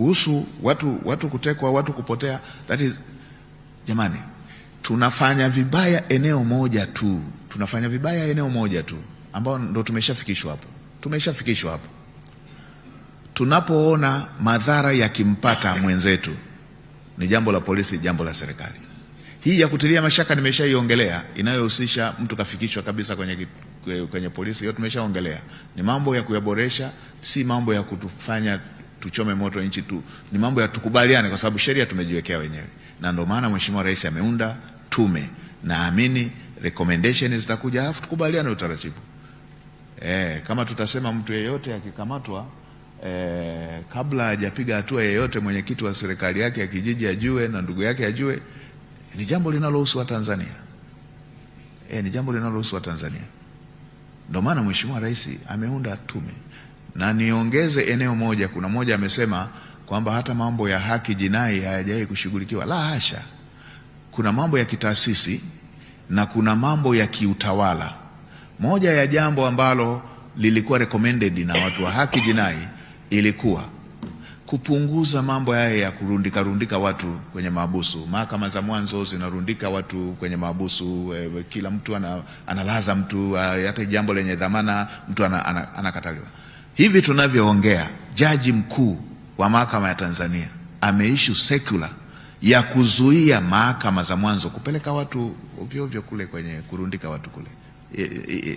kuhusu watu, watu kutekwa, watu kupotea. That is, jamani, tunafanya vibaya eneo moja tu, tunafanya vibaya eneo moja tu, ambao ndo tumeshafikishwa hapo, tumeshafikishwa hapo. Tunapoona madhara yakimpata mwenzetu, ni jambo la polisi, jambo la serikali. Hii ya kutilia mashaka nimeshaiongelea, inayohusisha mtu kafikishwa kabisa kwenye, kwenye polisi, hiyo tumeshaongelea. Ni mambo ya kuyaboresha, si mambo ya kutufanya tuchome moto nchi tu, ni mambo ya tukubaliane, kwa sababu sheria tumejiwekea wenyewe, na ndio maana Mheshimiwa Rais ameunda tume. Naamini recommendation zitakuja, alafu tukubaliane utaratibu eh, kama tutasema mtu yeyote akikamatwa Eh, kabla hajapiga hatua yeyote mwenyekiti wa serikali yake ya kijiji ajue na ndugu yake ajue, ni jambo linalohusu Watanzania eh, ni jambo linalohusu Watanzania. Ndio maana Mheshimiwa Rais ameunda tume. Na niongeze eneo moja, kuna mmoja amesema kwamba hata mambo ya haki jinai hayajawahi kushughulikiwa. La hasha, kuna mambo ya kitaasisi na kuna mambo ya kiutawala. Moja ya jambo ambalo lilikuwa recommended na watu wa haki jinai ilikuwa kupunguza mambo haya ya kurundika rundika watu kwenye maabusu. Mahakama za mwanzo zinarundika watu kwenye maabusu eh, kila mtu ana, analaza mtu hata uh, jambo lenye dhamana mtu anakataliwa ana, ana Hivi tunavyoongea, jaji mkuu wa mahakama ya Tanzania ameishu sekula ya kuzuia mahakama za mwanzo kupeleka watu ovyo ovyo kule kwenye kurundika watu kule.